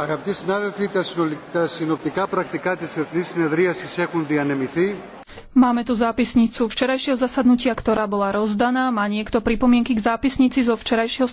Αγαπητοί συνάδελφοι, τα συνοπτικά πρακτικά της Συνεδρίασης έχουν διανεμηθεί. Máme tu zápisnicu včerajšieho zasadnutia, ktorá bola rozdaná. Má niekto pripomienky k zápisnici zo včerajšieho